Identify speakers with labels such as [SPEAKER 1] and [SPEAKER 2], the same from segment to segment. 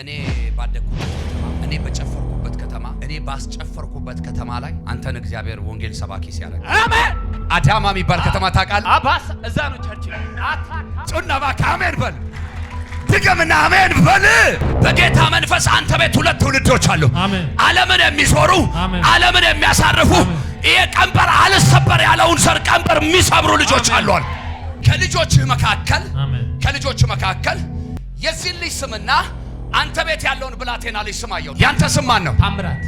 [SPEAKER 1] እኔ ባደግኩበት ከተማ እኔ በጨፈርኩበት ከተማ እኔ ባስጨፈርኩበት ከተማ ላይ አንተን እግዚአብሔር ወንጌል ሰባኪ ሲያደርግ አሜን። አዳማ የሚባል ከተማ ታውቃለህ?
[SPEAKER 2] አባስ እዛ ነው ቸርች
[SPEAKER 1] ጩናባ ከአሜን በል ድገምና አሜን በል። በጌታ መንፈስ አንተ ቤት ሁለት ትውልዶች አሉ። ዓለምን የሚዞሩ ዓለምን የሚያሳርፉ ይሄ ቀንበር አልሰበር ያለውን ዘር ቀንበር የሚሰብሩ ልጆች አሏል። ከልጆችህ መካከል ከልጆች መካከል የዚህን ልጅ ስምና አንተ ቤት ያለውን ብላቴና ልጅ ስማየው። ያንተ ስም ማን ነው?
[SPEAKER 2] ታምራት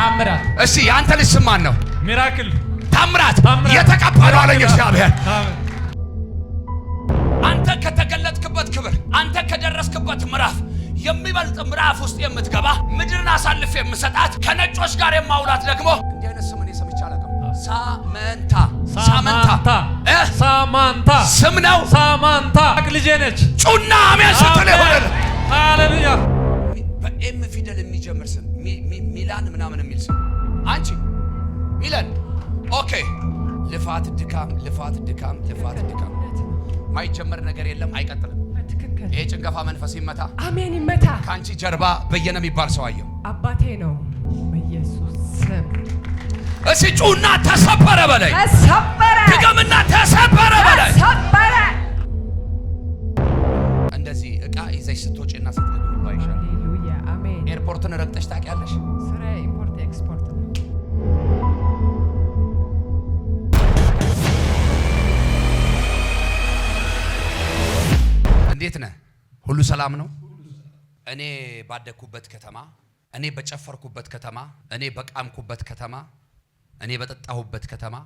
[SPEAKER 2] ታምራት።
[SPEAKER 1] እሺ ያንተ ልጅ ስም ማን ነው? ሚራክል ታምራት። የተቀባ አለኝ እግዚአብሔር። አንተ ከተገለጥክበት ክብር፣ አንተ ከደረስክበት ምዕራፍ የሚበልጥ ምዕራፍ ውስጥ የምትገባ ምድርን አሳልፍ የምሰጣት ከነጮች ጋር የማውላት ደግሞ እንዲህ አይነት ስም እኔ ሰምቼ አላውቅም። ሳመንታ
[SPEAKER 2] ሳመንታ ሳማንታ ስም ነው። ሳማንታ ልጄ ነች።
[SPEAKER 1] ጩና አሜን ስትል ይሆነል ሃሌሉያ። በኤም ፊደል የሚጀምር ስም ሚላን ምናምን የሚል ስም አንቺ ሚላን። ኦኬ። ልፋት ድካም፣ ልፋት ድካም፣ ልፋት ድካም። ማይጀመር ነገር የለም፣ አይቀጥልም። ይሄ ጭንገፋ መንፈስ ይመታ፣ አሜን፣ ይመታ። ከአንቺ ጀርባ በየነ የሚባል ሰው አየሁ።
[SPEAKER 2] አባቴ ነው በኢየሱስ ስም።
[SPEAKER 1] እስጩና ተሰበረ በላይ።
[SPEAKER 2] ተሰበረ።
[SPEAKER 1] እኔ ባደግኩበት ከተማ፣ እኔ በጨፈርኩበት ከተማ፣ እኔ በቃምኩበት ከተማ፣ እኔ በጠጣሁበት ከተማ፣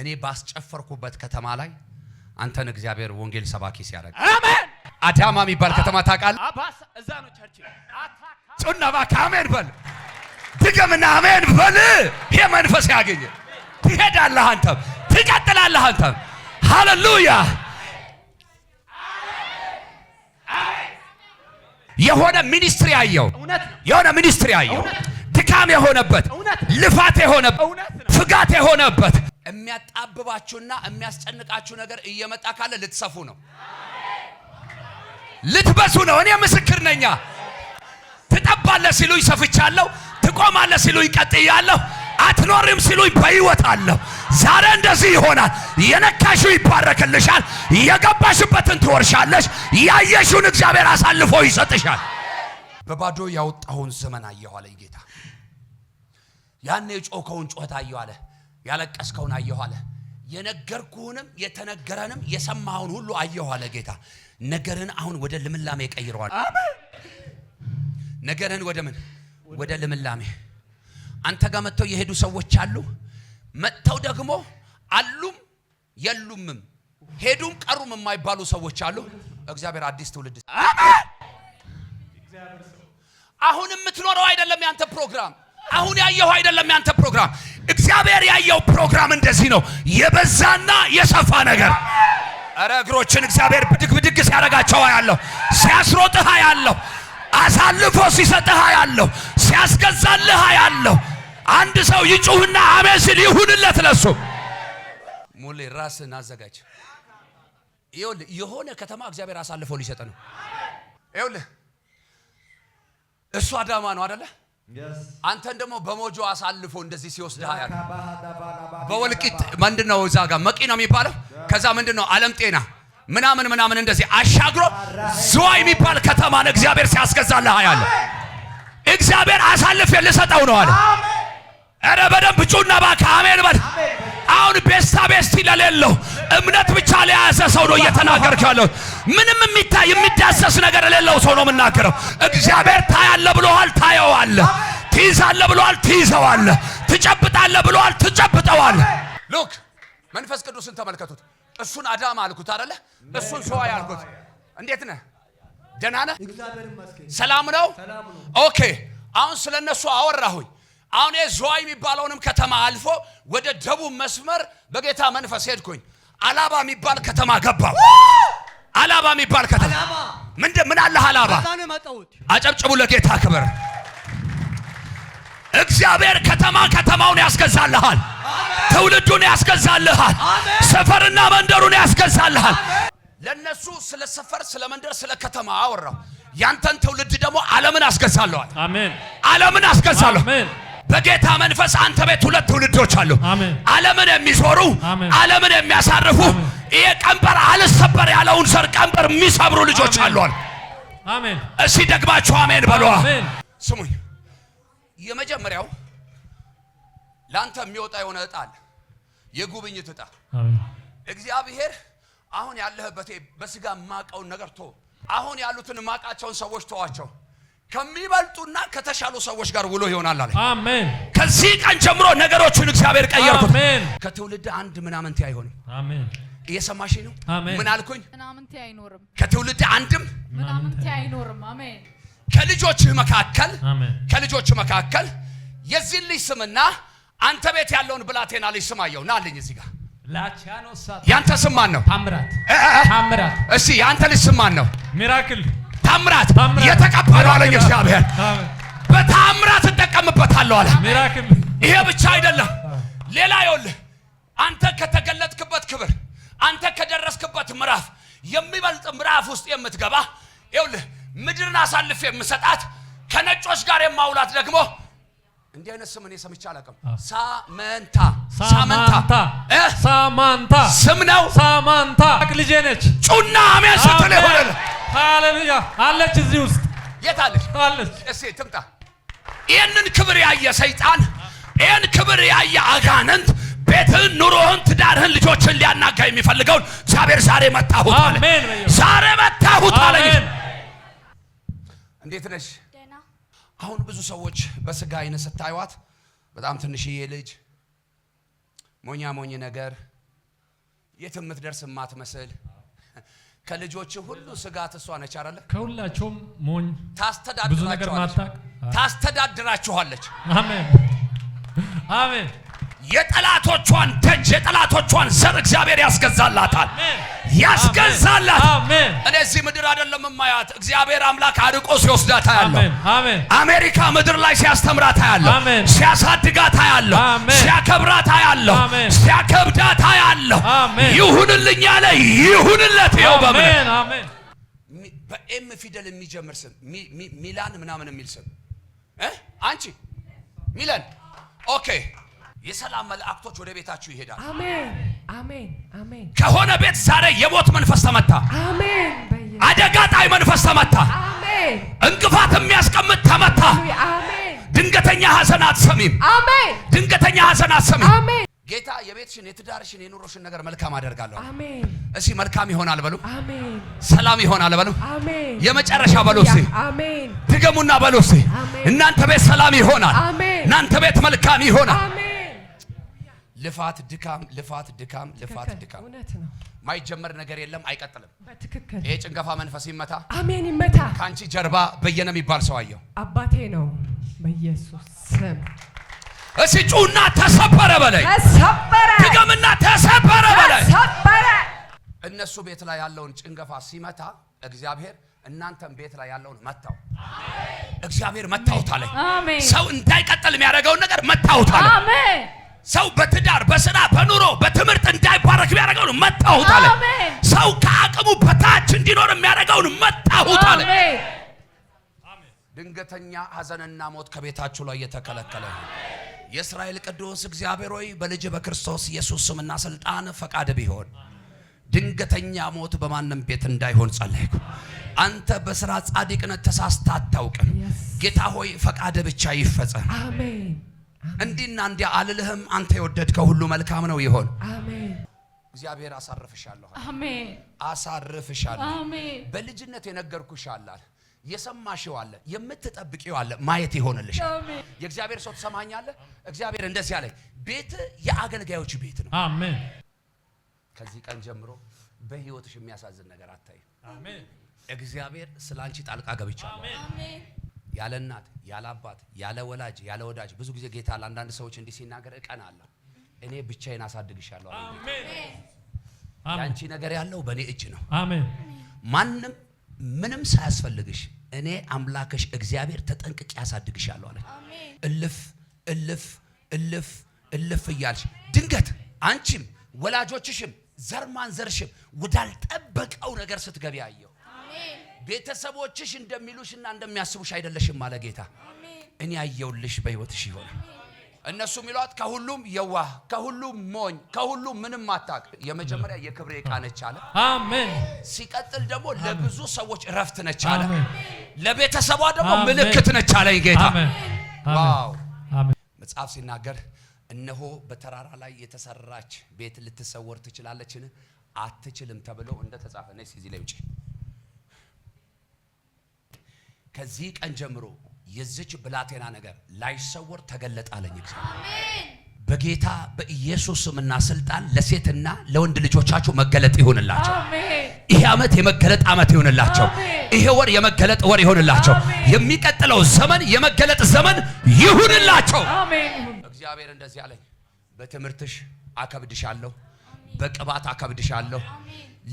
[SPEAKER 1] እኔ ባስጨፈርኩበት ከተማ ላይ አንተን እግዚአብሔር ወንጌል ሰባኪ ሲያደርግ አሜን። አዳማ የሚባል ከተማ ታውቃለህ? እዛ ነው ቸርች። ጩና አሜን በል ድገምና አሜን በል። ይሄ መንፈስ ያገኘ ትሄዳለህ፣ አንተም ትቀጥላለህ፣ አንተም ሃሌሉያ የሆነ ሚኒስትሪ አየው፣ የሆነ ሚኒስትሪ አየው። ድካም የሆነበት ልፋት የሆነበት ፍጋት የሆነበት የሚያጣብባችሁና የሚያስጨንቃችሁ ነገር እየመጣ ካለ ልትሰፉ ነው፣ ልትበሱ ነው። እኔ ምስክር ነኛ። ትጠባለ ሲሉ ይሰፍቻለሁ፣ ትቆማለ ሲሉ ይቀጥያለሁ። አትኖርም ሲሉኝ በሕይወት አለሁ። ዛሬ እንደዚህ ይሆናል። የነካሹ ይባረክልሻል። የገባሽበትን ትወርሻለሽ። ያየሽውን እግዚአብሔር አሳልፎ ይሰጥሻል። በባዶ ያወጣውን ዘመን አየሁ አለ ጌታ። ያኔ የጮከውን ጮኸት አየሁ አለ። ያለቀስከውን አየሁ አለ። የነገርኩህንም የተነገረንም የሰማኸውን ሁሉ አየሁ አለ ጌታ። ነገርን አሁን ወደ ልምላሜ ቀይረዋል። ነገርን ወደ ምን? ወደ ልምላሜ አንተ ጋር መጥተው የሄዱ ሰዎች አሉ። መጥተው ደግሞ አሉም የሉምም ሄዱም ቀሩም የማይባሉ ሰዎች አሉ። እግዚአብሔር አዲስ ትውልድ አሁን የምትኖረው አይደለም ያንተ ፕሮግራም። አሁን ያየው አይደለም ያንተ ፕሮግራም። እግዚአብሔር ያየው ፕሮግራም እንደዚህ ነው፣ የበዛና የሰፋ ነገር። እረ እግሮችን እግዚአብሔር ብድግ ብድግ ሲያደርጋቸው ያለሁ፣ ሲያስሮጥህ ያለሁ፣ አሳልፎ ሲሰጥህ ያለሁ፣ ሲያስገዛልህ ያለሁ አንድ ሰው ይጩህና አሜን ሲል ይሁንለት። ለሱ ሙሌ ራስን አዘጋጅ። ይኸውልህ የሆነ ከተማ እግዚአብሔር አሳልፎ ሊሰጥ ነው። ይኸውልህ እሱ አዳማ ነው አይደለ? አንተን ደግሞ በሞጆ አሳልፎ እንደዚህ ሲወስድ ያለ በወልቂት ምንድን ነው እዛ ጋር መቂ ነው የሚባለው። ከዛ ምንድን ነው ዓለም ጤና ምናምን ምናምን እንደዚህ አሻግሮ ዝዋይ የሚባል ከተማ እግዚአብሔር ሲያስገዛልህ ያለ እግዚአብሔር አሳልፌ ልሰጠው ነው አለ። ኧረ በደንብ ጩና ባካ አሜን በል። አሁን ቤሳ ቤስቲ ለሌለው እምነት ብቻ ለያዘ ሰው ነው እየተናገርክ ያለው። ምንም የሚታይ የሚዳሰስ ነገር የሌለው ሰው ነው የምናገረው። እግዚአብሔር ታያለ ብሎሃል፣ ታየዋለ። ትይዛለ ብሎሃል፣ ትይዘዋለ። ትጨብጣለ ብሎሃል፣ ትጨብጠዋለ። ሉክ መንፈስ ቅዱስን ተመልከቱት። እሱን አዳም አልኩት አደለ እሱን ሰዋይ አልኩት። እንዴት ነህ? ደህና ነህ? ሰላም ነው? ኦኬ። አሁን ስለነሱ አወራሁኝ። አሁን የዘዋ የሚባለውንም ከተማ አልፎ ወደ ደቡብ መስመር በጌታ መንፈስ ሄድኩኝ። አላባ የሚባል ከተማ ገባው። አላባ የሚባል ከተማ ምን አለህ? አላባ አጨብጭቡ ለጌታ ክብር። እግዚአብሔር ከተማ ከተማውን ያስገዛልሃል። ትውልዱን ያስገዛልሃል። ሰፈርና መንደሩን ያስገዛልሃል። ለነሱ ስለ ሰፈር፣ ስለ መንደር፣ ስለ ከተማ አወራው። ያንተን ትውልድ ደግሞ ዓለምን አስገዛለዋል። አሜን። ዓለምን አስገዛለሁ። በጌታ መንፈስ አንተ ቤት ሁለት ትውልዶች አሉ። ዓለምን የሚዞሩ ዓለምን የሚያሳርፉ ይሄ ቀንበር አልሰበር ያለውን ዘር ቀንበር የሚሰብሩ ልጆች አሉ። አሜን። እሺ ደግማችሁ አሜን በሏ። ስሙኝ፣ የመጀመሪያው ለአንተ የሚወጣ የሆነ እጣ አለ፣ የጉብኝት እጣ። እግዚአብሔር አሁን ያለህበት በስጋ የማውቀውን ነገር ቶ አሁን ያሉትን የማውቃቸውን ሰዎች ተዋቸው። ከሚበልጡና ከተሻሉ ሰዎች ጋር ውሎ ይሆናል አለ። አሜን። ከዚህ ቀን ጀምሮ ነገሮቹን እግዚአብሔር ቀየርኩት። አሜን። ከትውልድ አንድ ምናምንቴ አይሆንም። አሜን። እየሰማሽ ነው? አሜን። ምን አልኩኝ?
[SPEAKER 2] ምናምንቴ አይኖርም።
[SPEAKER 1] ከትውልድ አንድም
[SPEAKER 2] ምናምንቴ አይኖርም። አሜን።
[SPEAKER 1] ከልጆችህ መካከል አሜን። ከልጆችህ መካከል የዚህን ልጅ ስምና አንተ ቤት ያለውን ብላቴና ልጅ ስም አየው ና አለኝ። እዚህ ጋር ያንተ ስም ማን ነው?
[SPEAKER 2] ታምራት ታምራት።
[SPEAKER 1] እሺ ያንተ ልጅ ስም ማን ነው? ሚራክል በታምራት የተቀበለው አለኝ እግዚአብሔር። በታምራት እጠቀምበታለሁ አለ። ይሄ ብቻ አይደለም፣ ሌላ ይኸውልህ፣ አንተ ከተገለጥክበት ክብር፣ አንተ ከደረስክበት ምዕራፍ የሚበልጥ ምዕራፍ ውስጥ የምትገባ ይኸውልህ፣ ምድርን አሳልፍ የምሰጣት ከነጮች ጋር የማውላት ደግሞ እንዲህ አይነት ስም እኔ ሰምቼ አላውቅም። ሳመንታ
[SPEAKER 2] ሳማንታ ሳማንታ ስም ነው። ሳማንታ
[SPEAKER 1] ልጄ ነች ጩና አሜን ስትል ይሆናል
[SPEAKER 2] ሃሌሉያ አለች። እዚህ ውስጥ የት አለች? አለች።
[SPEAKER 1] እሺ ትምጣ። ይህንን ክብር ያየ ሰይጣን፣ ይህን ክብር ያየ አጋንንት ቤትህን፣ ኑሮህን፣ ትዳርህን፣ ልጆችን ሊያናጋ የሚፈልገውን እግዚአብሔር ዛሬ መታሁት አለ። ዛሬ መታሁት አለ። እንዴት ነሽ? አሁን ብዙ ሰዎች በስጋ አይነት ስታዩዋት በጣም ትንሽዬ ልጅ ሞኛ ሞኝ ነገር የት የምትደርስ የማትመስል ከልጆች ሁሉ ስጋት እሷ ነች አይደለ?
[SPEAKER 2] ከሁላቸውም ሞኝ ታስተዳድራችኋለች።
[SPEAKER 1] ታስተዳድራችኋለች።
[SPEAKER 2] አሜን አሜን።
[SPEAKER 1] የጠላቶቿን ደጅ የጠላቶቿን ዘር እግዚአብሔር ያስገዛላታል፣ እኔ እዚህ ምድር አይደለም ማያት እግዚአብሔር አምላክ አርቆ ሲወስዳት ያለው አሜሪካ ምድር ላይ ሲያስተምራት ያለው ሲያሳድጋታ ያለው ሲያከብራታ ያለው ሲያከብዳታ ያለው ይሁንልኝ ያለ ይሁንለት። ይኸው በምን በኤም ፊደል የሚጀምር ስም ሚላን ምናምን የሚል ስም አንቺ ሚለን ኦኬ የሰላም መላእክቶች ወደ ቤታችሁ ይሄዳሉ።
[SPEAKER 2] አሜን አሜን አሜን።
[SPEAKER 1] ከሆነ ቤት ዛሬ የሞት መንፈስ ተመታ። አሜን። አደጋ ጣይ መንፈስ ተመታ። አሜን። እንቅፋት የሚያስቀምጥ ተመታ። አሜን። ድንገተኛ ሐዘን አትሰሚም። አሜን። ድንገተኛ ሐዘን አትሰሚም። አሜን። ጌታ የቤትሽን የትዳርሽን የኑሮሽን ነገር መልካም አደርጋለሁ። አሜን። እሺ መልካም ይሆናል በሉ። አሜን። ሰላም ይሆናል በሉ። አሜን። የመጨረሻ በሉ። እሺ አሜን። ትገሙና በሉ። እሺ እናንተ ቤት ሰላም ይሆናል። አሜን። እናንተ ቤት መልካም ይሆናል። አሜን። ልፋት ድካም፣ ልፋት ድካም፣ ልፋት ድካም። እውነት ነው። ማይጀመር ነገር የለም፣ አይቀጥልም። በትክክል ይሄ ጭንገፋ መንፈስ ይመታ፣
[SPEAKER 2] አሜን፣ ይመታ።
[SPEAKER 1] ከአንቺ ጀርባ በየነ የሚባል ሰው አየሁ።
[SPEAKER 2] አባቴ ነው በኢየሱስ ስም።
[SPEAKER 1] እስጩና ተሰበረ በላይ
[SPEAKER 2] ተሰበረ፣
[SPEAKER 1] ድገምና ተሰበረ በላይ ተሰበረ። እነሱ ቤት ላይ ያለውን ጭንገፋ ሲመታ እግዚአብሔር እናንተም ቤት ላይ ያለውን መታው። እግዚአብሔር መታውታለኝ። ሰው እንዳይቀጥል የሚያደርገውን ነገር መታውታለኝ። አሜን ሰው በትዳር በስራ በኑሮ በትምህርት እንዳይባረክ የሚያደርገውን መጣሁት አለ። ሰው ከአቅሙ በታች እንዲኖር የሚያደርገውን መጣሁት አለ። ድንገተኛ ሐዘንና ሞት ከቤታችሁ ላይ የተከለከለ ነው። የእስራኤል ቅዱስ እግዚአብሔር ሆይ በልጅ በክርስቶስ ኢየሱስ ስምና ስልጣን ፈቃድ ቢሆን ድንገተኛ ሞት በማንም ቤት እንዳይሆን ጸለይኩ። አንተ በስራ ጻድቅነት ተሳስተ አታውቅም። ጌታ ሆይ ፈቃድ ብቻ ይፈጸም። እንዲና እንዲ አልልህም። አንተ የወደድከው ሁሉ መልካም ነው ይሆን። እግዚአብሔር አሳርፍሻለሁ፣ አሳርፍሻለሁ። በልጅነት የነገርኩሽ የሰማሽው አለ የምትጠብቂው አለ ማየት ይሆንልሻል። የእግዚአብሔር ሰው ትሰማኛለህ። እግዚአብሔር እንደዚህ ያለኝ ቤት የአገልጋዮች ቤት ነው። አሜን። ከዚህ ቀን ጀምሮ በህይወትሽ የሚያሳዝን ነገር አታይም። አሜን። እግዚአብሔር ስለ አንቺ ጣልቃ ገብቻለሁ። አሜን። ያለ እናት ያለ አባት ያለ ወላጅ ያለ ወዳጅ ብዙ ጊዜ ጌታ ለአንዳንድ ሰዎች እንዲህ ሲናገር እቀናለሁ። እኔ ብቻዬን አሳድግሻለሁ። ያንቺ ነገር ያለው በእኔ እጅ ነው። አሜን። ማንም ምንም ሳያስፈልግሽ እኔ አምላክሽ እግዚአብሔር ተጠንቅቄ ያሳድግሻለሁ አለ። እልፍ እልፍ እልፍ እልፍ እያልሽ ድንገት አንቺም ወላጆችሽም ዘርማን ዘርሽም ወዳልጠበቀው ነገር ስትገቢ አየሁ። ቤተሰቦችሽ እንደሚሉሽና እንደሚያስቡሽ አይደለሽም አለ ጌታ። እኔ አየውልሽ በህይወትሽ ይሆነ እነሱ የሚሏት ከሁሉም የዋህ፣ ከሁሉም ሞኝ፣ ከሁሉም ምንም አታውቅ። የመጀመሪያ የክብሬ ዕቃ ነች አለ። አሜን። ሲቀጥል ደግሞ ለብዙ ሰዎች እረፍት ነች አለ። ለቤተሰቧ ደግሞ ምልክት ነች አለ ጌታ። ዋው! መጽሐፍ ሲናገር እነሆ በተራራ ላይ የተሰራች ቤት ልትሰወር ትችላለችን? አትችልም ተብሎ እንደተጻፈ ነች። እዚህ ላይ ውጪ ከዚህ ቀን ጀምሮ የዚች ብላቴና ነገር ላይሰወር አለኝ
[SPEAKER 2] አሜን።
[SPEAKER 1] በጌታ በኢየሱስ ስምና ስልጣን ለሴትና ለወንድ ልጆቻችሁ መገለጥ ይሁንላቸው። ይሄ ዓመት የመገለጥ ዓመት ይሆንላቸው ይሄ ወር የመገለጥ ወር ይሆንላቸው የሚቀጥለው ዘመን የመገለጥ ዘመን ይሁንላቸው። እግዚአብሔር እንደዚህ አለኝ፣ በትምህርትሽ አከብድሻለሁ፣ በቅባት አከብድሻለሁ፣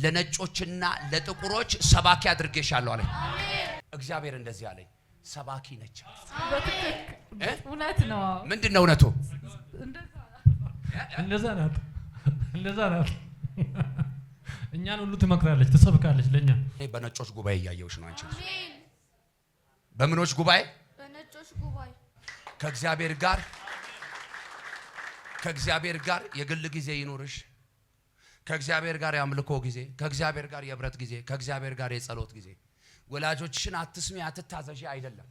[SPEAKER 1] ለነጮችና ለጥቁሮች ሰባኪ አድርጌሻለሁ አለኝ። እግዚአብሔር እንደዚህ አለኝ፣ ሰባኪ ነች። እውነት ነው። ምንድን ነው እውነቱ?
[SPEAKER 2] እንደዛ ናት፣ እንደዛ ናት። እኛን ሁሉ ትመክራለች፣ ትሰብካለች ለእኛ።
[SPEAKER 1] በነጮች ጉባኤ እያየውች ነው አንቺ። በምኖች ጉባኤ ከእግዚአብሔር ጋር ከእግዚአብሔር ጋር የግል ጊዜ ይኖርሽ። ከእግዚአብሔር ጋር የአምልኮ ጊዜ፣ ከእግዚአብሔር ጋር የህብረት ጊዜ፣ ከእግዚአብሔር ጋር የጸሎት ጊዜ ወላጆችን አትስሚ፣ አትታዘዥ አይደለም።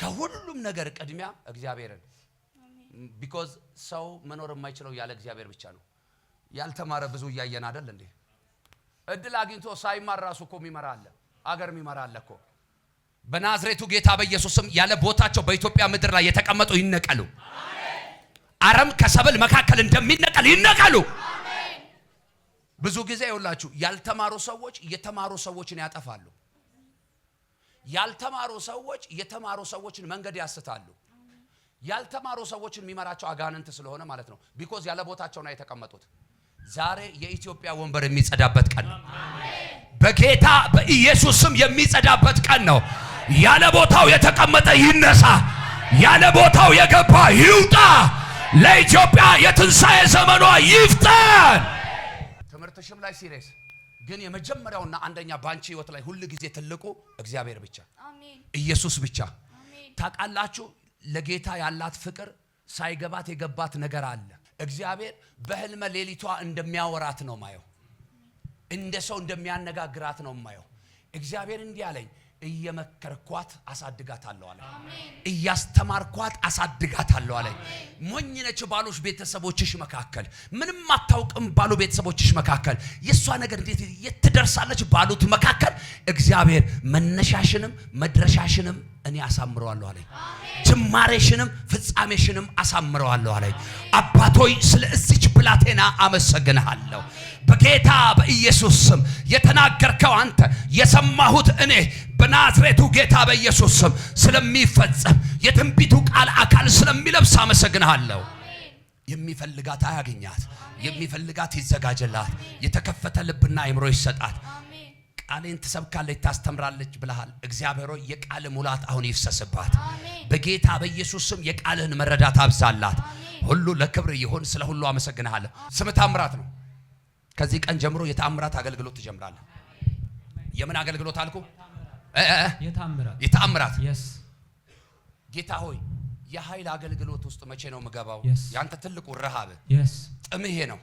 [SPEAKER 1] ከሁሉም ነገር ቅድሚያ እግዚአብሔርን ቢኮዝ ሰው መኖር የማይችለው ያለ እግዚአብሔር ብቻ ነው። ያልተማረ ብዙ እያየን አደል እንዴ? እድል አግኝቶ ሳይማር ራሱ እኮ የሚመራ አለ፣ አገር የሚመራ አለ እኮ። በናዝሬቱ ጌታ በኢየሱስም ያለ ቦታቸው በኢትዮጵያ ምድር ላይ የተቀመጡ ይነቀሉ። አረም ከሰብል መካከል እንደሚነቀል ይነቀሉ። ብዙ ጊዜ ይውላችሁ ያልተማሩ ሰዎች የተማሩ ሰዎችን ያጠፋሉ። ያልተማሩ ሰዎች የተማሩ ሰዎችን መንገድ ያስታሉ። ያልተማሩ ሰዎችን የሚመራቸው አጋንንት ስለሆነ ማለት ነው። ቢኮዝ ያለ ቦታቸው ነው የተቀመጡት። ዛሬ የኢትዮጵያ ወንበር የሚጸዳበት ቀን ነው። በጌታ በኢየሱስም የሚጸዳበት ቀን ነው። ያለ ቦታው የተቀመጠ ይነሳ፣ ያለ ቦታው የገባ ይውጣ። ለኢትዮጵያ የትንሣኤ ዘመኗ ይፍጠን። ትምህርትሽም ላይ ሲሬስ ግን የመጀመሪያውና አንደኛ ባንቺ ህይወት ላይ ሁል ጊዜ ትልቁ እግዚአብሔር ብቻ ኢየሱስ ብቻ። ታውቃላችሁ ለጌታ ያላት ፍቅር ሳይገባት የገባት ነገር አለ። እግዚአብሔር በህልመ ሌሊቷ እንደሚያወራት ነው ማየው፣ እንደ ሰው እንደሚያነጋግራት ነው ማየው። እግዚአብሔር እንዲህ አለኝ እየመከርኳት አሳድጋታለሁ አለ። እያስተማርኳት አሳድጋታለሁ አለ። ሞኝ ነች ባሎች ቤተሰቦችሽ መካከል፣ ምንም አታውቅም ባሉ ቤተሰቦችሽ መካከል፣ የእሷ ነገር እንዴት የት ትደርሳለች ባሉት መካከል እግዚአብሔር መነሻሽንም መድረሻሽንም እኔ አሳምረዋለሁ አለኝ። ጅማሬሽንም ፍጻሜሽንም አሳምረዋለሁ አለኝ። አባቶይ ስለ እዚች ብላቴና አመሰግንሃለሁ። በጌታ በኢየሱስ ስም የተናገርከው አንተ የሰማሁት እኔ በናዝሬቱ ጌታ በኢየሱስ ስም ስለሚፈጸም የትንቢቱ ቃል አካል ስለሚለብስ አመሰግንሃለሁ። የሚፈልጋት አያገኛት፣ የሚፈልጋት ይዘጋጅላት። የተከፈተ ልብና አይምሮ ይሰጣት። ቃሌን ትሰብካለች፣ ታስተምራለች ብለሃል። እግዚአብሔር ሆይ የቃል ሙላት አሁን ይፍሰስባት በጌታ በኢየሱስ ስም። የቃልህን መረዳት አብዛላት። ሁሉ ለክብር ይሁን። ስለ ሁሉ አመሰግናለሁ። ስም ታምራት ነው። ከዚህ ቀን ጀምሮ የታምራት አገልግሎት ትጀምራለህ። የምን አገልግሎት አልኩ? የታምራት ጌታ ሆይ የኃይል አገልግሎት ውስጥ መቼ ነው የምገባው? ያንተ ትልቁ ረሃብ ጥምሄ ነው።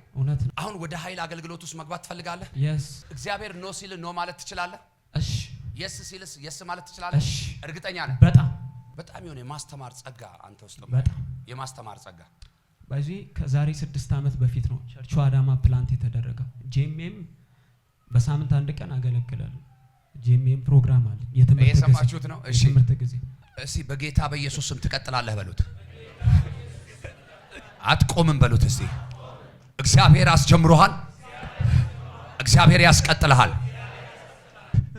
[SPEAKER 1] አሁን ወደ ኃይል አገልግሎት ውስጥ መግባት ትፈልጋለህ? እግዚአብሔር ኖ ሲል ኖ ማለት ትችላለህ። የስ ሲልስ የስ ማለት ትችላለህ። እርግጠኛ ነህ? በጣም በጣም የሆነ የማስተማር ጸጋ አንተ ውስጥ በጣም የማስተማር ጸጋ
[SPEAKER 2] በዚህ ከዛሬ ስድስት ዓመት በፊት ነው ቸርቹ አዳማ ፕላንት የተደረገው። ጄሜም በሳምንት አንድ ቀን አገለግላለሁ። ጄሜም ፕሮግራም አለ።
[SPEAKER 1] የትምህርት ጊዜ ነው። እሺ እስቲ በጌታ በኢየሱስ ስም ትቀጥላለህ በሉት። አትቆምም በሉት። እስቲ እግዚአብሔር አስጀምሮሃል። እግዚአብሔር ያስቀጥልሃል።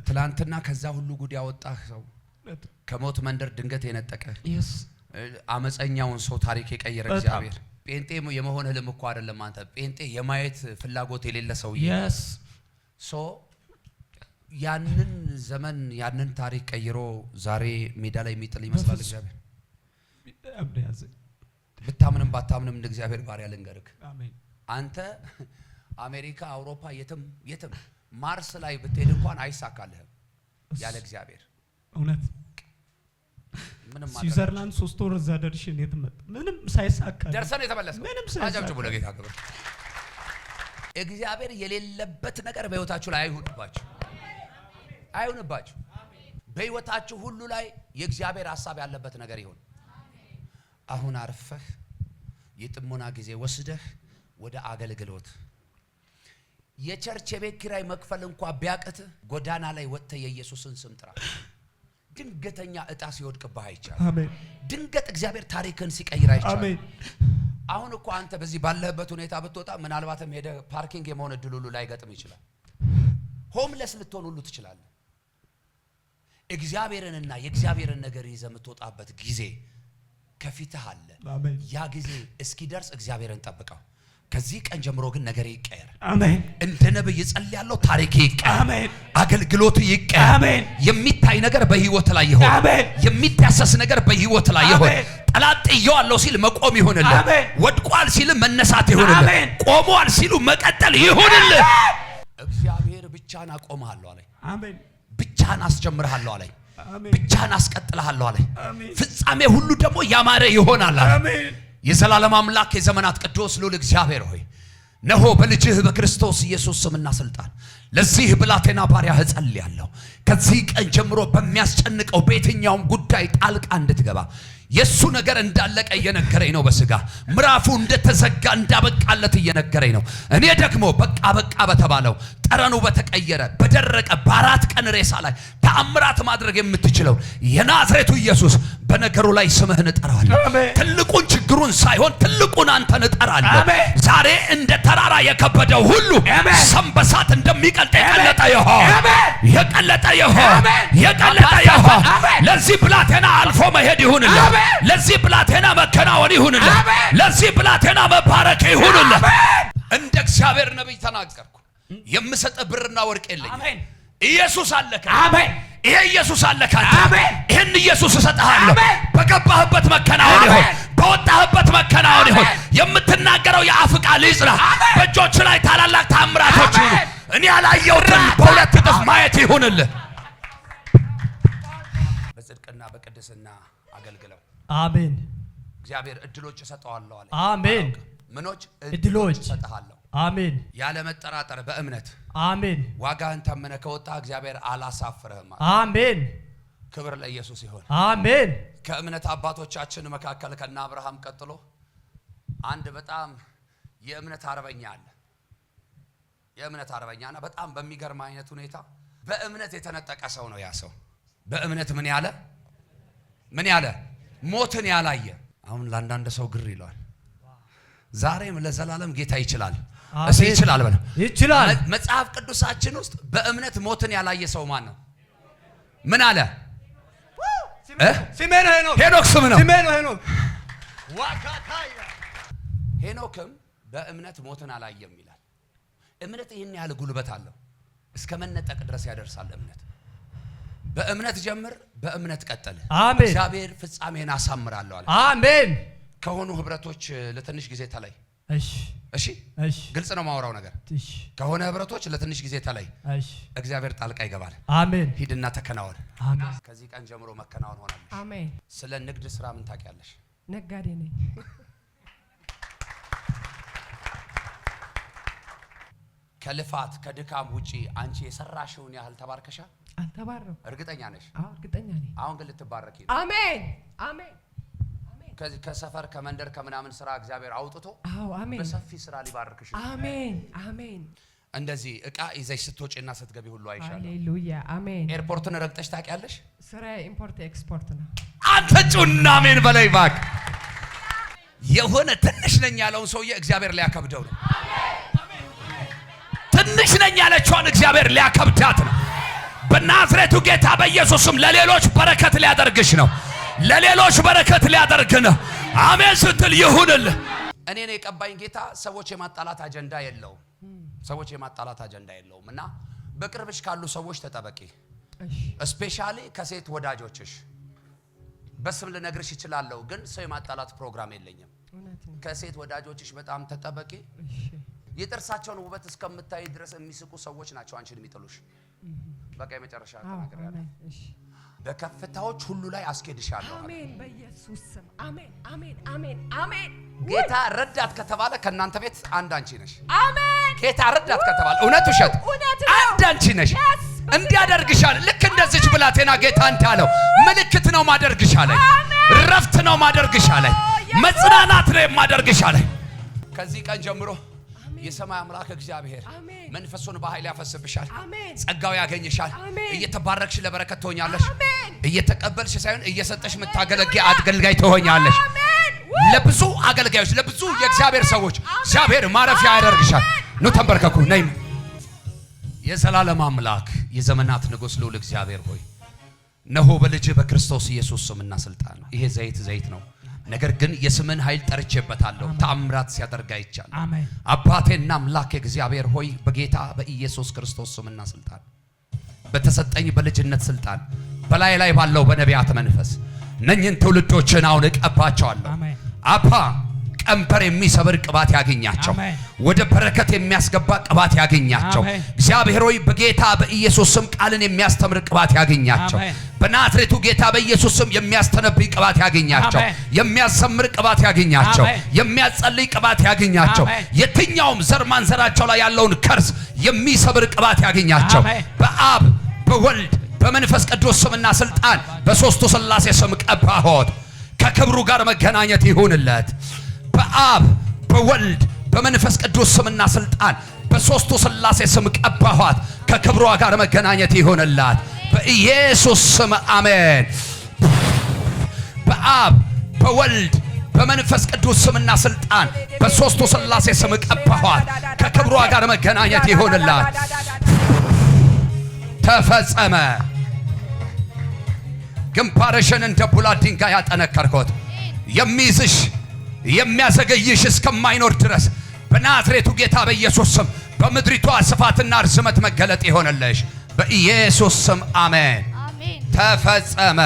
[SPEAKER 1] ትላንትና ከዛ ሁሉ ጉድ ያወጣህ ሰው ከሞት መንደር ድንገት የነጠቀ አመፀኛውን ሰው ታሪክ የቀየረ እግዚአብሔር። ጴንጤ የመሆን ህልም እኮ አይደለም አንተ ጴንጤ የማየት ፍላጎት የሌለ ሰውዬ ሶ ያንን ዘመን ያንን ታሪክ ቀይሮ ዛሬ ሜዳ ላይ የሚጥል ይመስላል። እግዚአብሔር ብታምንም ባታምንም እንደ እግዚአብሔር ባሪያ ልንገርክ፣ አንተ አሜሪካ፣ አውሮፓ፣ የትም የትም ማርስ ላይ ብትሄድ እንኳን አይሳካልህም ያለ እግዚአብሔር
[SPEAKER 2] እውነት። ስዊዘርላንድ ሶስት ወር እዛ ደርሼ ምንም ሳይሳካ
[SPEAKER 1] ደርሰን የተመለስኩት ምንም ሳይሳካ እግዚአብሔር የሌለበት ነገር በህይወታችሁ ላይ አይሁንባችሁ። አይሁንባችሁ። በህይወታችሁ ሁሉ ላይ የእግዚአብሔር ሐሳብ ያለበት ነገር ይሁን። አሁን አርፈህ የጥሞና ጊዜ ወስደህ ወደ አገልግሎት የቸርች የቤት ኪራይ መክፈል እንኳ ቢያቅት ጎዳና ላይ ወጥተህ የኢየሱስን ስም ጥራ። ድንገተኛ እጣ ሲወድቅብህ አይቻልም። አሜን። ድንገት እግዚአብሔር ታሪክን ሲቀይር አይቻልም። አሜን። አሁን እኮ አንተ በዚህ ባለህበት ሁኔታ ብትወጣ ምናልባትም ሄደህ ፓርኪንግ የመሆን እድል ሁሉ ላይገጥም ይችላል። ሆምለስ ልትሆን ሁሉ ትችላለህ። እግዚአብሔርንና የእግዚአብሔርን ነገር ይዘ የምትወጣበት ጊዜ ከፊትህ አለ። ያ ጊዜ እስኪደርስ እግዚአብሔርን ጠብቀው። ከዚህ ቀን ጀምሮ ግን ነገር ይቀየር። አሜን። እንደ ነብይ እጸልያለሁ ያለው ታሪክ ይቀየር። አሜን። አገልግሎት ይቀየር። አሜን። የሚታይ ነገር በህይወት ላይ ይሆን። አሜን። የሚዳሰስ ነገር በህይወት ላይ ይሆን። ጠላት ጥየዋለሁ ሲል መቆም ይሆንልህ። ወድቋል ሲል መነሳት ይሆንልህ። ቆሟል ሲሉ መቀጠል ይሆንልህ። እግዚአብሔር ብቻን አቆምሃለሁ አለኝ። አሜን። ብቻህን አስጀምርሃለሁ አለኝ። ብቻህን አስቀጥልሃለሁ አለኝ። ፍጻሜ ሁሉ ደግሞ ያማረ ይሆናል አለ። የዘላለም አምላክ የዘመናት ቅዱስ ልዑል እግዚአብሔር ሆይ ነሆ በልጅህ በክርስቶስ ኢየሱስ ስምና ስልጣን ለዚህ ብላቴና ባሪያ እጸልያለሁ። ከዚህ ቀን ጀምሮ በሚያስጨንቀው በየትኛውም ጉዳይ ጣልቃ እንድትገባ የእሱ ነገር እንዳለቀ እየነገረኝ ነው። በስጋ ምዕራፉ እንደተዘጋ እንዳበቃለት እየነገረኝ ነው። እኔ ደግሞ በቃ በቃ በተባለው ጠረኑ በተቀየረ በደረቀ በአራት ቀን ሬሳ ላይ ተአምራት ማድረግ የምትችለው የናዝሬቱ ኢየሱስ በነገሩ ላይ ስምህን እጠራዋለሁ። ትልቁን ችግሩን ሳይሆን ትልቁን አንተን እጠራለሁ። ዛሬ እንደ ተራራ የከበደው ሁሉ ሰንበሳት እንደሚቀልጥ የቀለጠ ይሆን የቀለጠ ይሆን የቀለጠ ይሆን። ለዚህ ብላቴና አልፎ መሄድ ይሁንልህ። ለዚህ ብላቴና መከናወን ይሁንልህ። ለዚህ ብላቴና መባረክ ይሁንልህ። እንደ እግዚአብሔር ነቢይ ተናገርኩ። የምሰጠ ብርና ወርቅ የለኝም ኢየሱስ አለከ። አሜን። ይሄ ኢየሱስ አለከ። አሜን። ይሄን ኢየሱስ እሰጥሃለሁ። በገባህበት መከናወን ይሁን፣ በወጣህበት መከናወን ይሁን። የምትናገረው የአፍ ቃል ይጽና። በእጆች ላይ ታላላቅ ታምራቶች ይሁኑ። እኔ ያላየሁትን በሁለት እጥፍ ማየት ይሁንልህ። በጽድቅና በቅድስና አገልግለው። አሜን። እግዚአብሔር እድሎች እሰጠዋለሁ አለ። አሜን። ምኖች እድሎች እሰጥሃለሁ አሜን። መጠራጠር በእምነት አሜን። ዋጋህን ታመነ ከወጣ እግዚአብሔር አላሳፍርህም። አሜን። ክብር ለኢየሱስ ይሁን። አሜን። ከእምነት አባቶቻችን መካከል ከነ አብርሃም ቀጥሎ አንድ በጣም የእምነት አርበኛ አለ። የእምነት አርበኛና በጣም በሚገርም አይነት ሁኔታ በእምነት የተነጠቀ ሰው ነው ያ ሰው። በእምነት ምን ያለ ምን ያለ ሞትን ያላየ አሁን ለአንዳንድ ሰው ግር ይለዋል ዛሬም ለዘላለም ጌታ ይችላል። እሺ ይችላል በለ ይችላል። መጽሐፍ ቅዱሳችን ውስጥ በእምነት ሞትን ያላየ ሰው ማን ነው? ምን አለ? ሄኖክ። ሄኖክ ስም ነው። ሄኖክ። ሄኖክም በእምነት ሞትን አላየም ይላል። እምነት ይህን ያህል ጉልበት አለው። እስከ መነጠቅ ድረስ ያደርሳል እምነት። በእምነት ጀምር፣ በእምነት ቀጥል። አሜን። እግዚአብሔር ፍጻሜን አሳምራለሁ አለ። አሜን። ከሆኑ ህብረቶች ለትንሽ ጊዜ ተለይ። እሺ እሺ እሺ፣ ግልጽ ነው ማውራው ነገር። እሺ ከሆነ ህብረቶች ለትንሽ ጊዜ ተለይ። እሺ እግዚአብሔር ጣልቃ ይገባል። አሜን። ሂድና ተከናወን። አሜን። ከዚህ ቀን ጀምሮ መከናወን ሆናለሽ። አሜን። ስለ ንግድ ስራ ምን ታውቂያለሽ? ነጋዴ ነኝ። ከልፋት ከድካም ውጪ አንቺ የሰራሽውን ያህል ተባርከሻል? አልተባረም። እርግጠኛ ነሽ? አዎ እርግጠኛ ነኝ። አሁን ግን ልትባረኪ ነው። አሜን አሜን። ከሰፈር ከመንደር ከምናምን ስራ እግዚአብሔር አውጥቶ በሰፊ ስራ ሊባርክሽ። አሜን አሜን። እንደዚህ እቃ ይዘሽ ስትወጪና ስትገቢ ሁሉ አይሻልም? ሃሌሉያ አሜን። ኤርፖርትን ረግጠሽ ታውቂያለሽ? ስራ ኢምፖርት ኤክስፖርት ነው። አንተ ጩና አሜን በላይ ባክ የሆነ ትንሽ ነኝ ያለውን ሰውዬ እግዚአብሔር ሊያከብደው ነው። ትንሽ ነኝ ያለችዋን እግዚአብሔር ሊያከብዳት ነው። በናዝሬቱ ጌታ በኢየሱስም ለሌሎች በረከት ሊያደርግሽ ነው። ለሌሎች በረከት ሊያደርግ ነው። አሜን ስትል ይሁንል። እኔን የቀባኝ ጌታ ሰዎች የማጣላት አጀንዳ የለውም። ሰዎች የማጣላት አጀንዳ የለውም እና በቅርብሽ ካሉ ሰዎች ተጠበቂ። እስፔሻሊ ከሴት ወዳጆችሽ በስም ልነግርሽ ይችላለሁ፣ ግን ሰው የማጣላት ፕሮግራም የለኝም። ከሴት ወዳጆችሽ በጣም ተጠበቂ። የጥርሳቸውን ውበት እስከምታይ ድረስ የሚስቁ ሰዎች ናቸው አንቺን የሚጥሉሽ። በቃ የመጨረሻ ተናግሬያለሁ። በከፍታዎች ሁሉ ላይ አስኬድሻለሁ። አሜን፣ በኢየሱስ ስም አሜን፣ አሜን፣ አሜን፣ አሜን። ጌታ ረዳት ከተባለ ከእናንተ ቤት አንድ አንቺ ነሽ። አሜን። ጌታ ረዳት ከተባለ እውነት ውሸት አንድ አንቺ ነሽ። እንዲያደርግሻል ልክ እንደዚች ብላቴና ጌታ እንዳለው ምልክት ነው ማደርግሻለኝ፣ ረፍት ነው ማደርግሻለኝ፣ oh, መጽናናት ነው የማደርግሻለኝ ከዚህ ቀን ጀምሮ የሰማይ አምላክ እግዚአብሔር መንፈሱን በኃይል ያፈስብሻል። ጸጋው ያገኝሻል። እየተባረክሽ ለበረከት ትሆኛለሽ። እየተቀበልሽ ሳይሆን እየሰጠሽ የምታገለግይ አገልጋይ ትሆኛለሽ። ለብዙ አገልጋዮች፣ ለብዙ የእግዚአብሔር ሰዎች እግዚአብሔር ማረፊያ ያደርግሻል። ኑ ተንበርከኩ። ነይም የዘላለም አምላክ የዘመናት ንጉሥ ልዑል እግዚአብሔር ሆይ ነሆ በልጅ በክርስቶስ ኢየሱስ ስምና ስልጣን ይሄ ዘይት ዘይት ነው። ነገር ግን የስምን ኃይል ጠርቼበታለሁ። ተአምራት ሲያደርግ አይቻል። አባቴና አምላክ እግዚአብሔር ሆይ በጌታ በኢየሱስ ክርስቶስ ስምና ስልጣን በተሰጠኝ በልጅነት ስልጣን በላይ ላይ ባለው በነቢያት መንፈስ እነኝን ትውልዶችን አሁን እቀባቸዋለሁ አባ ቀንበር የሚሰብር ቅባት ያገኛቸው። ወደ በረከት የሚያስገባ ቅባት ያገኛቸው። እግዚአብሔር ሆይ በጌታ በኢየሱስ ስም ቃልን የሚያስተምር ቅባት ያገኛቸው። በናዝሬቱ ጌታ በኢየሱስ ስም የሚያስተነብይ ቅባት ያገኛቸው። የሚያዘምር ቅባት ያገኛቸው። የሚያጸልይ ቅባት ያገኛቸው። የትኛውም ዘር ማንዘራቸው ላይ ያለውን ከርስ የሚሰብር ቅባት ያገኛቸው። በአብ በወልድ በመንፈስ ቅዱስ ስምና ስልጣን በሦስቱ ሥላሴ ስም ቀባሆት ከክብሩ ጋር መገናኘት ይሁንለት። በአብ በወልድ በመንፈስ ቅዱስ ስምና ስልጣን በሦስቱ ሥላሴ ስም ቀባኋት። ከክብሯ ጋር መገናኘት ይሆንላት በኢየሱስ ስም አሜን። በአብ በወልድ በመንፈስ ቅዱስ ስምና ስልጣን በሦስቱ ሥላሴ ስም ቀባኋት። ከክብሯ ጋር መገናኘት ይሆንላት። ተፈጸመ። ግንባርሽን እንደ ቡላ ድንጋይ ያጠነከርኮት የሚይዝሽ የሚያዘገይሽ እስከማይኖር ድረስ በናዝሬቱ ጌታ በኢየሱስ ስም በምድሪቷ ስፋትና ርዝመት መገለጥ ይሆንልሽ። በኢየሱስ ስም አሜን። ተፈጸመ።